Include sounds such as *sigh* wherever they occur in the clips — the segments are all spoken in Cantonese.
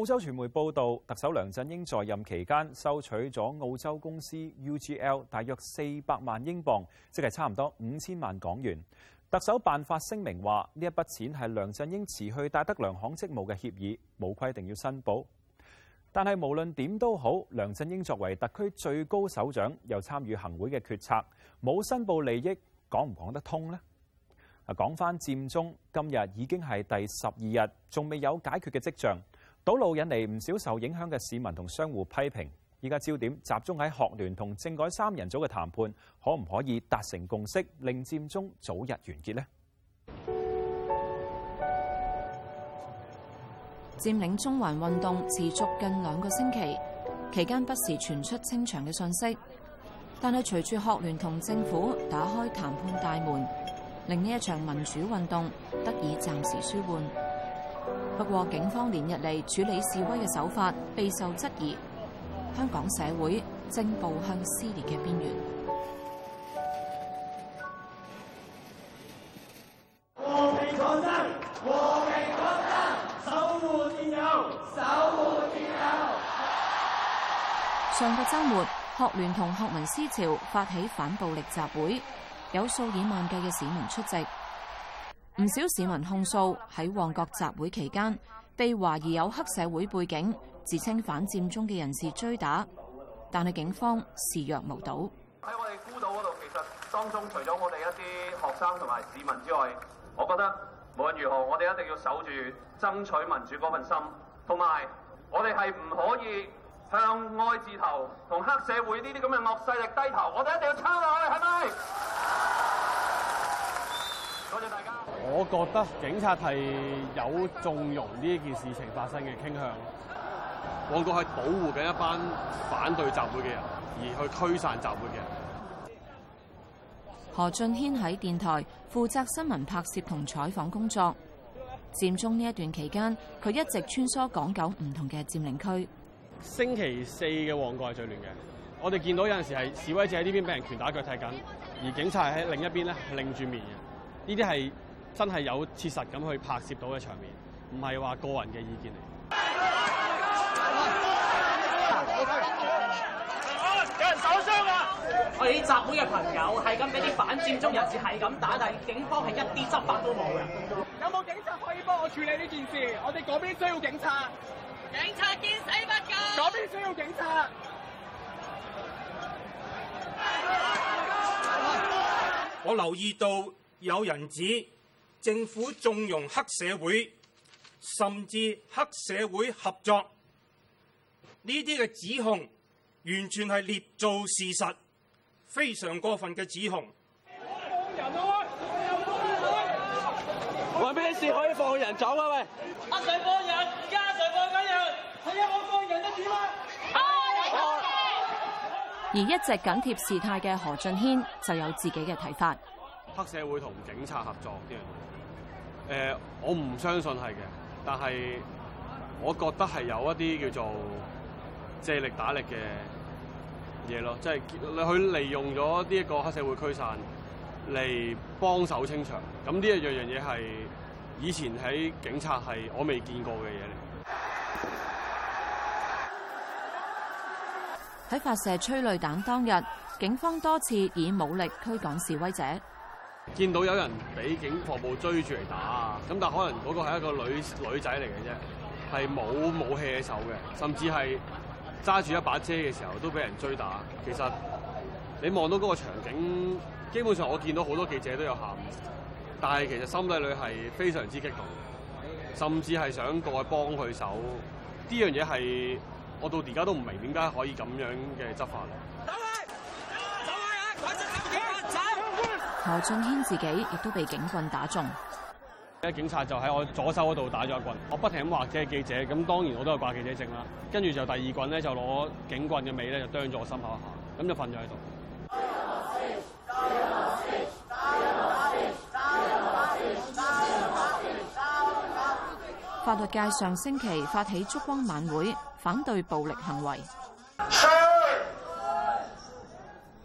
澳洲傳媒報道，特首梁振英在任期間收取咗澳洲公司 U G L 大約四百萬英鎊，即係差唔多五千萬港元。特首辦法聲明話，呢一筆錢係梁振英辭去戴德梁行職務嘅協議，冇規定要申報。但係無論點都好，梁振英作為特區最高首長，又參與行會嘅決策，冇申報利益，講唔講得通呢？啊，講翻佔中，今日已經係第十二日，仲未有解決嘅跡象。堵路引嚟唔少受影響嘅市民同商戶批評，依家焦點集中喺學聯同政改三人組嘅談判，可唔可以達成共識令佔中早日完結咧？佔領中環運動持續近兩個星期，期間不時傳出清場嘅信息，但係隨住學聯同政府打開談判大門，令呢一場民主運動得以暫時舒緩。不過警方連日嚟處理示威嘅手法備受質疑，香港社會正步向撕裂嘅邊緣。和平抗爭，和平抗爭，守護自由，守護自由。上個周末，學聯同學民思潮發起反暴力集會，有數以萬計嘅市民出席。唔少市民控訴喺旺角集會期間，被懷疑有黑社會背景、自稱反佔中嘅人士追打，但係警方視若無睹。喺我哋孤島嗰度，其實當中除咗我哋一啲學生同埋市民之外，我覺得無論如何，我哋一定要守住爭取民主嗰份心，同埋我哋係唔可以向愛字頭同黑社會呢啲咁嘅惡勢力低頭，我哋一定要撐落去，係咪？ *laughs* 多謝大家。我覺得警察係有縱容呢一件事情發生嘅傾向。旺角係保護緊一班反對集會嘅人，而去驅散集會嘅人。何俊軒喺電台負責新聞拍攝同採訪工作。佔中呢一段期間，佢一直穿梭港九唔同嘅佔領區。星期四嘅旺角係最亂嘅。我哋見到有陣時係示威者喺呢邊俾人拳打腳踢緊，而警察喺另一邊咧，係擰住面嘅。呢啲係。真係有切實咁去拍攝到嘅場面，唔係話個人嘅意見嚟。有人受傷啊！我哋集會嘅朋友係咁俾啲反佔中人士係咁打，但係警方係一啲執法都冇嘅。有冇警察可以幫我處理呢件事？我哋嗰邊需要警察。警察見死不救。嗰邊需要警察。我留意到有人指。政府縱容黑社會，甚至黑社會合作，呢啲嘅指控完全係捏造事實，非常過分嘅指控。話咩、啊啊、事可以放人走啊？喂！阿 Sir 放人，而家 Sir 放緊人，係啊，啊，啊！我放人都點啊？而一直緊貼事態嘅何俊軒就有自己嘅睇法。黑社會同警察合作啲嘢，誒、呃，我唔相信係嘅，但係我覺得係有一啲叫做借力打力嘅嘢咯，即係佢利用咗呢一個黑社會驅散嚟幫手清場，咁呢一樣樣嘢係以前喺警察係我未見過嘅嘢。喺發射催淚彈當日，警方多次以武力驅趕示威者。見到有人俾警防暴追住嚟打，咁，但係可能嗰個係一個女女仔嚟嘅啫，係冇武器嘅手嘅，甚至係揸住一把遮嘅時候都俾人追打。其實你望到嗰個場景，基本上我見到好多記者都有喊，但係其實心底裡係非常之激動，甚至係想過去幫佢手。呢樣嘢係我到而家都唔明點解可以咁樣嘅執法。走開，走開啊！走開何俊軒自己亦都被警棍打中，啲警察就喺我左手嗰度打咗一棍，我不停咁話自己係記者，咁當然我都有掛記者證啦。跟住就第二棍咧，就攞警棍嘅尾咧就啄咗我心口一下，咁就瞓咗喺度。法律界上星期發起燭光晚會，反對暴力行為。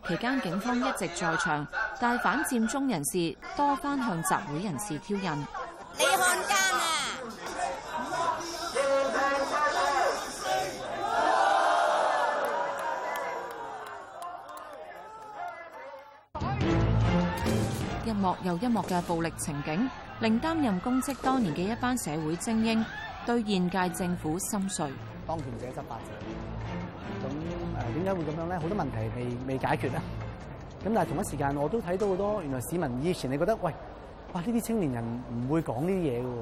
期間警方一直在場。大反佔中人士多番向集會人士挑釁。你看架啊！一幕又一幕嘅暴力情景，令擔任公職多年嘅一班社會精英對現屆政府心碎。當權者執法，咁誒點解會咁樣咧？好多問題未未解決咧。咁但係同一時間，我都睇到好多原來市民以前你覺得喂，哇呢啲青年人唔會講呢啲嘢嘅喎，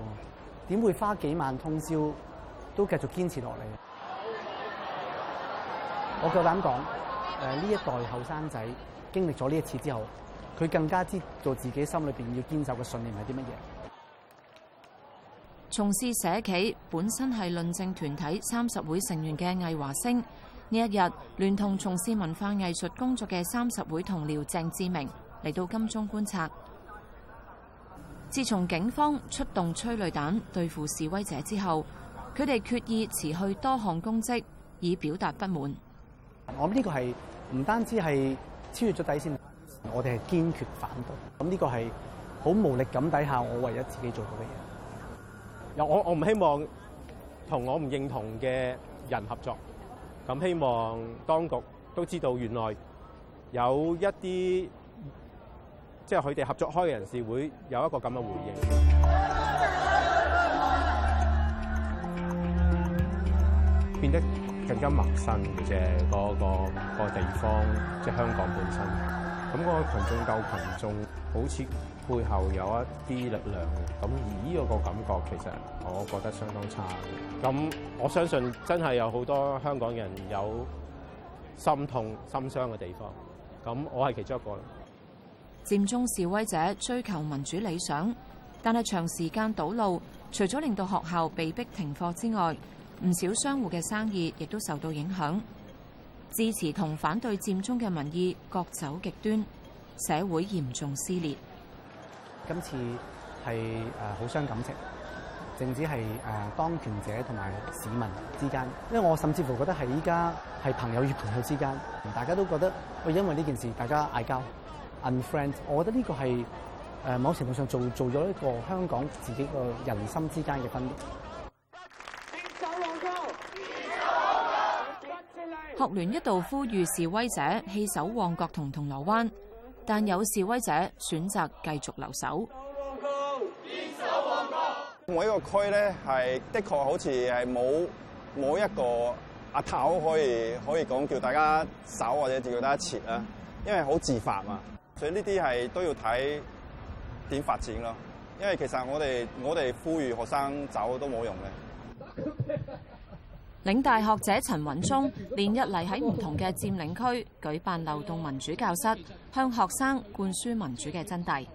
點會花幾晚通宵都繼續堅持落嚟？我夠膽講，誒呢一代後生仔經歷咗呢一次之後，佢更加知道自己心裏邊要堅守嘅信念係啲乜嘢。從事社企本身係論政團體三十會成員嘅魏華星。呢一日，聯同從事文化藝術工作嘅三十位同僚鄭志明嚟到金鐘觀察。自從警方出動催淚彈對付示威者之後，佢哋決意辭去多項公職，以表達不滿。我呢個係唔單止係超越咗底線，我哋係堅決反對。咁呢個係好無力噉底下，我唯一自己做到嘅嘢。我我唔希望同我唔認同嘅人合作。咁希望當局都知道，原來有一啲即係佢哋合作開嘅人士會有一個咁嘅回應，變得更加陌生嘅嗰個、嗰個地方，即係香港本身。咁嗰個群眾鬥群眾，好似，背後有一啲力量，咁而呢個感覺，其實我覺得相當差。咁我相信真係有好多香港人有心痛心傷嘅地方，咁我係其中一個啦。佔中示威者追求民主理想，但係長時間堵路，除咗令到學校被逼停課之外，唔少商戶嘅生意亦都受到影響。支持同反對佔中嘅民意各走極端，社會嚴重撕裂。今次係誒好傷感情，淨止係誒當權者同埋市民之間，因為我甚至乎覺得係依家係朋友與朋友之間，大家都覺得喂，因為呢件事大家嗌交，unfriend。我覺得呢個係某程度上做做咗一個香港自己個人心之間嘅分別。學聯一度呼籲示威者棄守旺角同銅鑼灣。但有示威者選擇繼續留守。我呢個區咧，係的確好似係冇冇一個阿頭可以可以講叫大家守，或者叫大家撤啦，因為好自發嘛。所以呢啲係都要睇點發展咯。因為其實我哋我哋呼籲學生走都冇用嘅。領大學者陳允中連日嚟喺唔同嘅佔領區舉辦流動民主教室，向學生灌輸民主嘅真諦。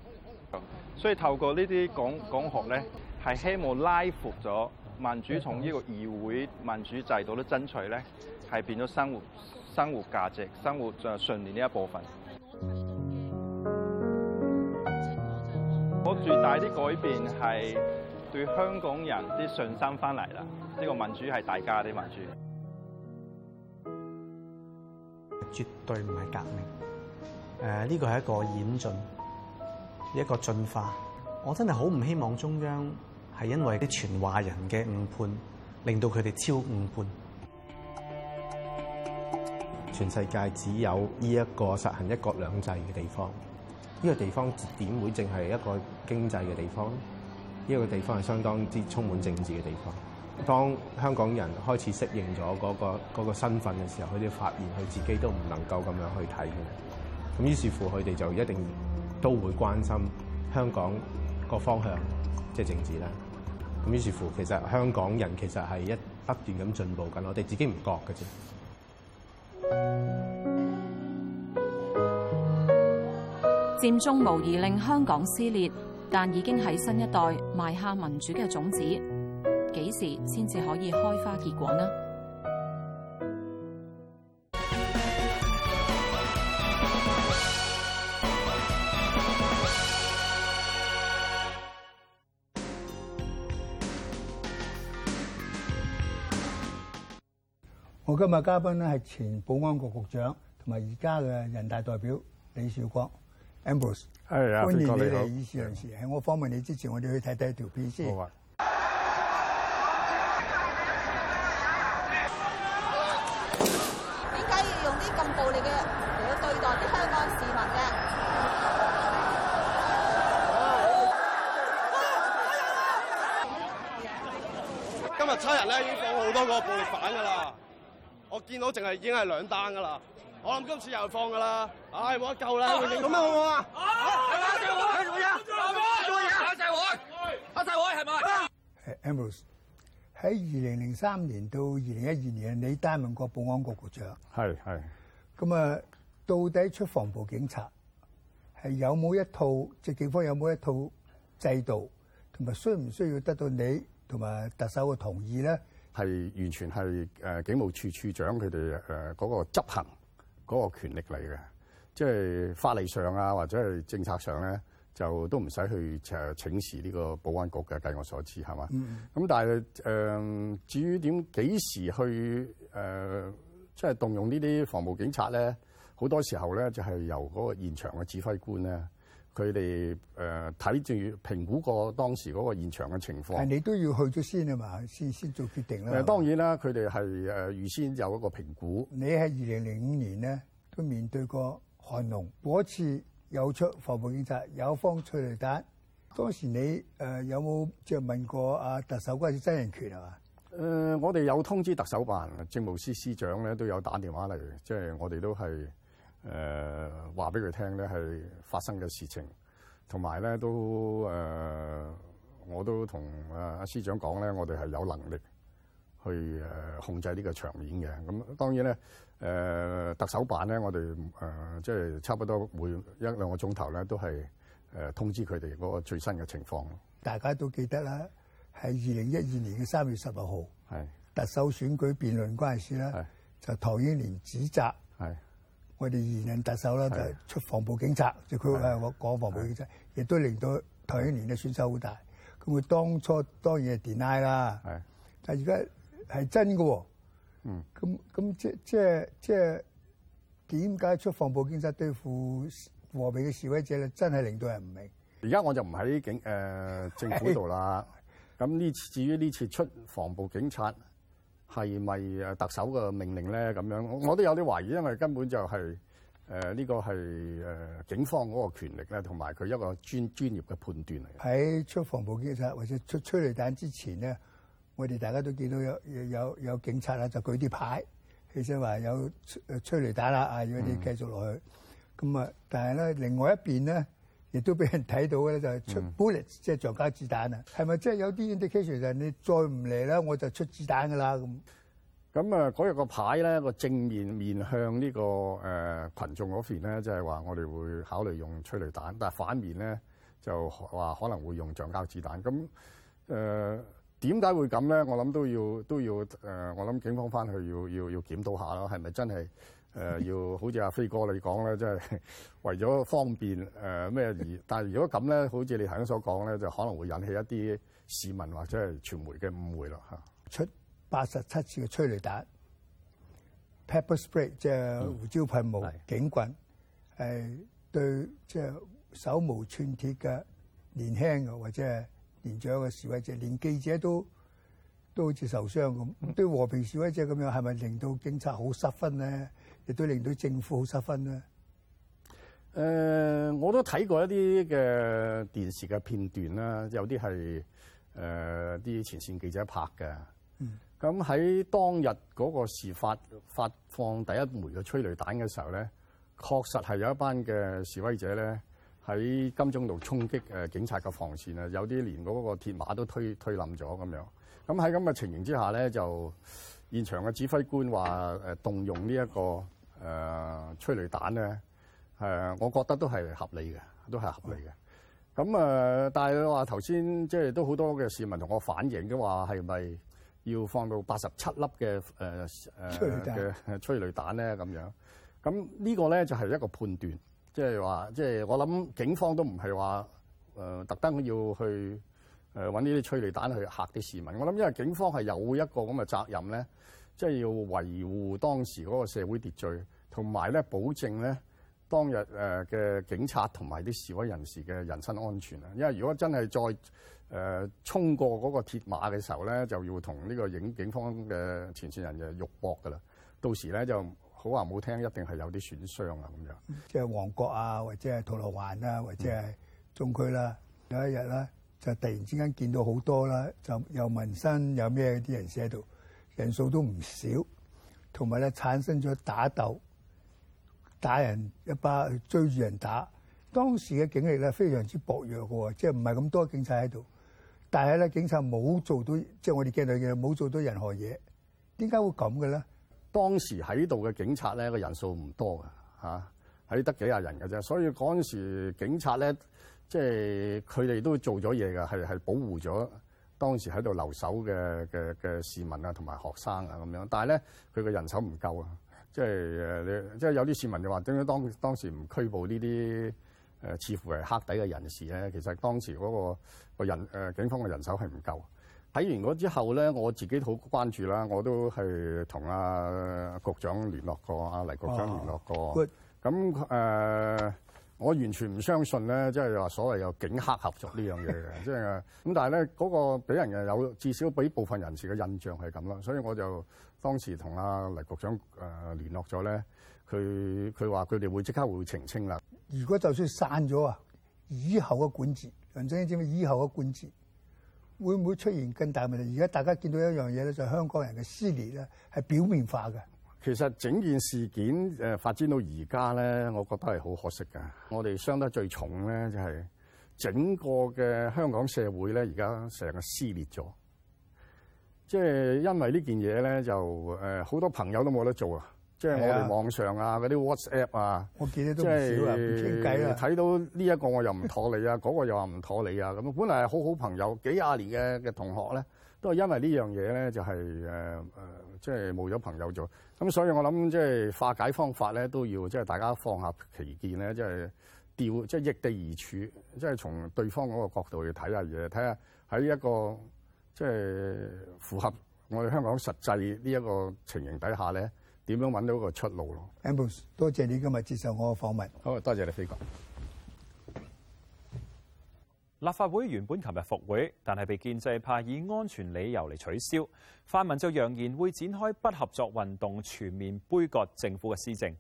所以透過這些講講呢啲講講學咧，係希望拉闊咗民主從呢個議會民主制度咧爭取咧，係變咗生活生活價值、生活就信念呢一部分。我最大啲改變係。對香港人啲信心翻嚟啦！呢個民主係大家啲民主，絕對唔係革命。誒、呃，呢個係一個演進，一個進化。我真係好唔希望中央係因為啲傳話人嘅誤判，令到佢哋超誤判。全世界只有呢一個實行一國兩制嘅地方，呢個地方點會淨係一個經濟嘅地方？呢個地方係相當之充滿政治嘅地方。當香港人開始適應咗嗰個嗰個身份嘅時候，佢哋發現佢自己都唔能夠咁樣去睇嘅。咁於是乎，佢哋就一定都會關心香港個方向，即係政治啦。咁於是乎，其實香港人其實係一不斷咁進步緊，我哋自己唔覺嘅啫。佔中無疑令香港撕裂。但已經喺新一代埋下民主嘅種子，幾時先至可以開花結果呢？我今日嘉賓咧係前保安局局長同埋而家嘅人大代表李少光。Ambrose，歡迎你哋以常時喺我訪問你之前，我哋去睇睇條片先。點解要用啲咁暴力嘅嚟去對待啲香港市民嘅？今日七日咧已經放好多個暴力版㗎啦，我見到淨係已經係兩單㗎啦，我諗今次又放㗎啦。唉、哎，我夠啦，咁樣好唔好啊？啊！一齊玩，做、啊、嘢，一齊玩，做嘢，一齊玩，一齊玩，係咪？係 Ambrose 喺二零零三年到二零一二年，你擔任過保安局局長，係係咁啊。到底出防暴警察係有冇一套？即警方有冇一套制度，同埋需唔需要得到你同埋特首嘅同意咧？係、嗯嗯啊啊、完全係誒警務處處長佢哋誒嗰個執行嗰、嗰個權力嚟嘅。即係法例上啊，或者係政策上咧，就都唔使去誒請示呢個保安局嘅。據我所知係嘛咁，嗯、但係、呃、至於點幾時去、呃、即係動用呢啲防暴警察咧，好多時候咧就係、是、由嗰個現場嘅指揮官咧，佢哋誒睇住評估過當時嗰個現場嘅情況。係你都要先去咗先啊嘛，先先做決定啦、呃。當然啦，佢哋係誒預先有一個評估。你喺二零零五年咧都面對過。韓龍嗰次有出防暴警察有放催淚彈，當時你誒有冇著問過阿特首關於真人權係嘛？誒、呃，我哋有通知特首辦政務司司長咧，都有打電話嚟，即、就、係、是、我哋都係誒話俾佢聽咧，係、呃、發生嘅事情，同埋咧都誒、呃，我都同啊司長講咧，我哋係有能力。去誒控制呢個場面嘅，咁當然咧誒、呃、特首辦咧，我哋誒、呃、即係差不多每一兩個鐘頭咧，都係誒通知佢哋嗰個最新嘅情況。大家都記得啦，喺二零一二年嘅三月十六號，係特首選舉辯論嗰陣時咧，就唐英年指責係我哋現任特首咧就出防暴警察，即係佢係我講防暴警察，亦都令到唐英年嘅選手好大。咁佢當初當然係 denied 啦，但係而家。係真嘅喎、哦，嗯，咁咁即即即點解出防暴警察對付和平嘅示威者咧？真係令到人唔明。而家我就唔喺警誒、呃、政府度啦。咁 *laughs* 呢次至於呢次出防暴警察係咪誒特首嘅命令咧？咁樣我，我都有啲懷疑，因為根本就係誒呢個係誒、呃、警方嗰個權力咧，同埋佢一個專專業嘅判斷嚟嘅。喺出防暴警察或者出催淚彈之前咧，我哋大家都見到有有有，有警察啊，就舉啲牌，其實話有催催淚彈啦啊，如果你繼續落去。咁、嗯、啊，但係咧，另外一邊咧，亦都俾人睇到嘅咧、嗯，就係出 bullet 即係橡膠子彈啊。係咪即係有啲 indication 就係你再唔嚟咧，我就出子彈㗎啦咁。咁啊，嗰、那、日個牌咧，個正面面向、這個呃、群呢個誒羣眾嗰邊咧，就係、是、話我哋會考慮用催淚彈，但係反面咧就話可能會用橡膠子彈。咁誒。呃點解會咁咧？我諗都要都要誒、呃，我諗警方返去要要要檢討下咯，係咪真係誒、呃、要好似阿飛哥你講咧，即、就、係、是、為咗方便誒咩、呃、而？但係如果咁咧，好似你頭先所講咧，就可能會引起一啲市民或者係傳媒嘅誤會咯嚇。出八十七次嘅催淚彈，pepper spray 即係胡椒噴霧、嗯、警棍，係對即係、就是、手無寸鐵嘅年輕或者係。連長嘅示威者，連記者都都好似受傷咁。對和平示威者咁樣，係咪令到警察好失分咧？亦都令到政府好失分咧？誒、呃，我都睇過一啲嘅電視嘅片段啦，有啲係誒啲前線記者拍嘅。咁、嗯、喺當日嗰個時發發放第一枚嘅催淚彈嘅時候咧，確實係有一班嘅示威者咧。喺金鐘度衝擊誒警察嘅防線啊，有啲連嗰個鐵馬都推推冧咗咁樣。咁喺咁嘅情形之下咧，就現場嘅指揮官話誒動用呢、呢、一個誒、呃、催淚彈咧誒、呃，我覺得都係合理嘅，都係合理嘅。咁啊、呃，但係話頭先即係都好多嘅市民同我反映嘅話係咪要放到八十七粒嘅誒誒嘅催淚彈咧咁樣？咁、呢個、呢個咧就係、係、一個判斷。即係話，即係我諗，警方都唔係話誒特登要去誒搵呢啲催淚彈去嚇啲市民。我諗，因為警方係有一個咁嘅責任咧，即係要維護當時嗰個社會秩序，同埋咧保證咧當日誒嘅警察同埋啲示威人士嘅人身安全啊。因為如果真係再誒衝過嗰個鐵馬嘅時候咧，就要同呢個警警方嘅前線人就肉搏噶啦，到時咧就。好話唔好聽，一定係有啲損傷啊！咁樣，即係旺角啊，或者係銅鑼灣啊，或者係中區啦，嗯、有一日咧就突然之間見到好多啦，就又紋身，有咩啲人士喺度，人數都唔少，同埋咧產生咗打鬥，打人一班追住人打，當時嘅警力咧非常之薄弱嘅，即係唔係咁多警察喺度，但係咧警察冇做到，即、就、係、是、我哋鏡頭嘅冇做到任何嘢，點解會咁嘅咧？當時喺度嘅警察咧，個人數唔多嘅嚇，喺、啊、得幾廿人嘅啫。所以嗰陣時警察咧，即係佢哋都做咗嘢嘅，係係保護咗當時喺度留守嘅嘅嘅市民啊，同埋學生啊咁樣。但係咧，佢嘅人手唔夠啊，即係誒，你、即係有啲市民就話點解當當時唔拘捕呢啲誒似乎係黑底嘅人士咧？其實當時嗰、那個那個人個、嗰個人誒、呃、警方嘅人手係唔夠。睇完咗之後咧，我自己好關注啦，我都係同阿局長聯絡過，阿黎局長聯絡過。咁、啊、誒、呃，我完全唔相信咧，即係話所謂有警黑合作呢樣嘢嘅，即係咁。但係咧，嗰個俾人嘅有至少俾部分人士嘅印象係咁啦，所以我就當時同阿黎局長誒聯絡咗咧，佢佢話佢哋會即刻會澄清啦。如果就算散咗啊，以後嘅管治，梁振英知唔知以後嘅管治？會唔會出現更大問題？而家大家見到一樣嘢咧，就係香港人嘅撕裂咧，係表面化嘅。其實整件事件誒發展到而家咧，我覺得係好可惜嘅。我哋傷得最重咧，就係整個嘅香港社會咧，而家成個撕裂咗。即係因為呢件嘢咧，就誒好多朋友都冇得做啊。即係我哋網上啊，嗰啲 WhatsApp 啊，我記得都即係睇到呢一個我又唔妥你啊，嗰個又話唔妥你啊。咁本嚟係好好朋友，幾廿年嘅嘅同學咧，都係因為呢樣嘢咧，就係誒誒，即係冇咗朋友做。咁所以我諗即係化解方法咧，都要即係大家放下歧見咧，即係掉即係易地而處，即係從對方嗰個角度去睇下嘢，睇下喺一個即係符合我哋香港實際呢一個情形底下咧。點樣揾到個出路咯？Ambrose，多謝你今日接受我嘅訪問。好，多謝你，飛哥。立法會原本琴日復會，但係被建制派以安全理由嚟取消。泛民就揚言會展開不合作運動，全面杯葛政府嘅施政。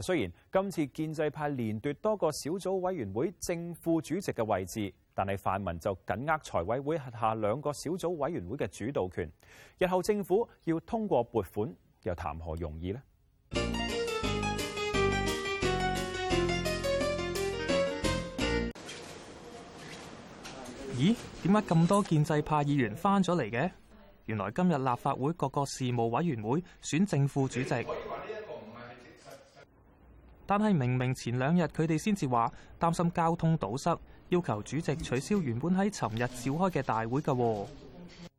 雖然今次建制派連奪多個小組委員會正副主席嘅位置，但係泛民就緊握財委會轄下兩個小組委員會嘅主導權。日後政府要通過撥款，又談何容易呢？咦？點解咁多建制派議員翻咗嚟嘅？原來今日立法會各個事務委員會選正副主席，但係明明前兩日佢哋先至話擔心交通堵塞，要求主席取消原本喺尋日召開嘅大會㗎。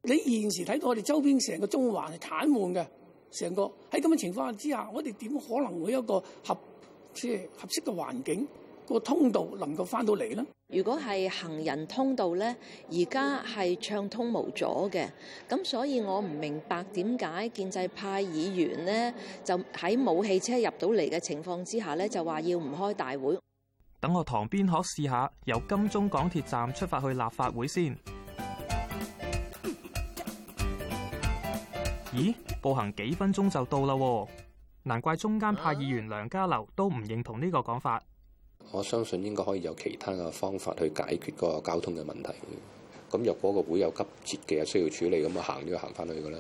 你現時睇到我哋周邊成個中環係癱瘓嘅。成個喺咁嘅情況之下，我哋點可能會有個合即係合適嘅環境個通道能夠翻到嚟呢？如果係行人通道咧，而家係暢通無阻嘅，咁所以我唔明白點解建制派議員咧就喺冇汽車入到嚟嘅情況之下咧，就話要唔開大會？等我堂邊鶴試下由金鐘港鐵站出發去立法會先。咦，步行幾分鐘就到啦。啊，難怪中間派議員梁家騮都唔認同呢個講法。我相信應該可以有其他嘅方法去解決個交通嘅問題的。咁若果個會有急切嘅需要處理，咁啊行都要行翻去噶啦。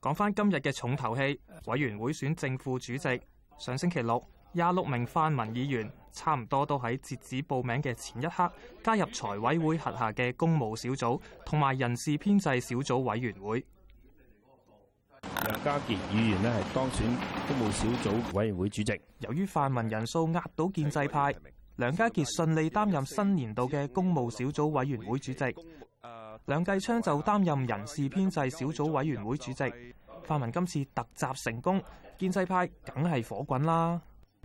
講翻今日嘅重頭戲，委員會選正副主席。上星期六，廿六名泛民議員差唔多都喺截止報名嘅前一刻加入財委會轄下嘅公務小組同埋人事編制小組委員會。梁家傑議員呢，係當選公務小組委員會主席。由於泛民人數壓倒建制派，梁家傑順利擔任新年度嘅公務小組委員會主席。梁繼昌就擔任人事編制小組委員會主席。泛民今次突襲成功，建制派梗係火滾啦。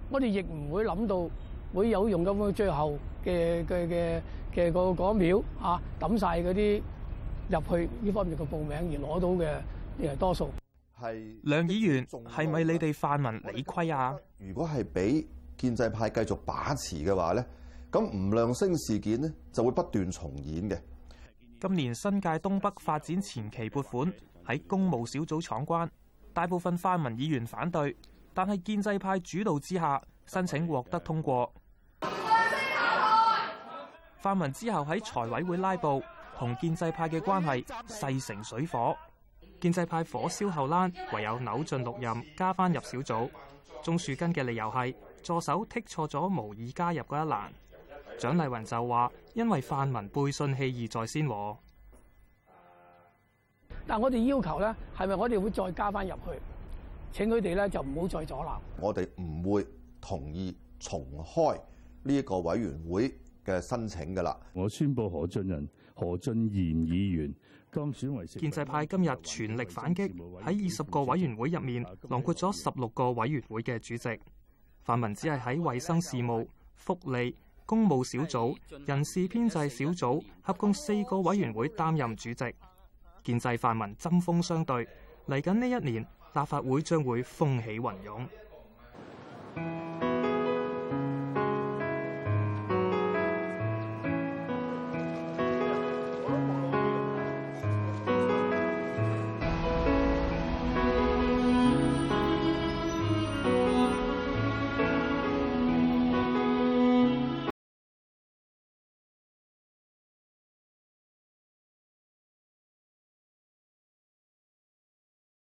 我哋亦唔會諗到會有用咁樣最後嘅嘅嘅嘅個嗰一秒啊，抌晒嗰啲入去呢方面嘅報名而攞到嘅，亦係多數。係梁議員係咪你哋泛民理虧啊？如果係俾建制派繼續把持嘅話呢，咁吳亮星事件呢就會不斷重演嘅。今年新界東北發展前期撥款喺公務小組闖關，大部分泛民議員反對，但係建制派主導之下申請獲得通過。泛民之後喺財委會拉布，同建制派嘅關係勢成水火。建制派火燒後欄，唯有扭盡六壬加翻入小組。鍾樹根嘅理由係助手剔錯咗無意加入嗰一欄。蔣麗雲就話：因為泛民背信棄義在先喎。但我哋要求咧，係咪我哋會再加翻入去？請佢哋咧就唔好再阻攔。我哋唔會同意重開呢個委員會嘅申請㗎喇。我宣佈何俊仁、何俊賢議員。建制派今日全力反擊，喺二十個委員會入面，囊括咗十六個委員會嘅主席。泛民只係喺衛生事務、福利、公務小組、人事編制小組合共四個委員會擔任主席。建制泛民針鋒相對，嚟緊呢一年，立法會將會風起雲湧。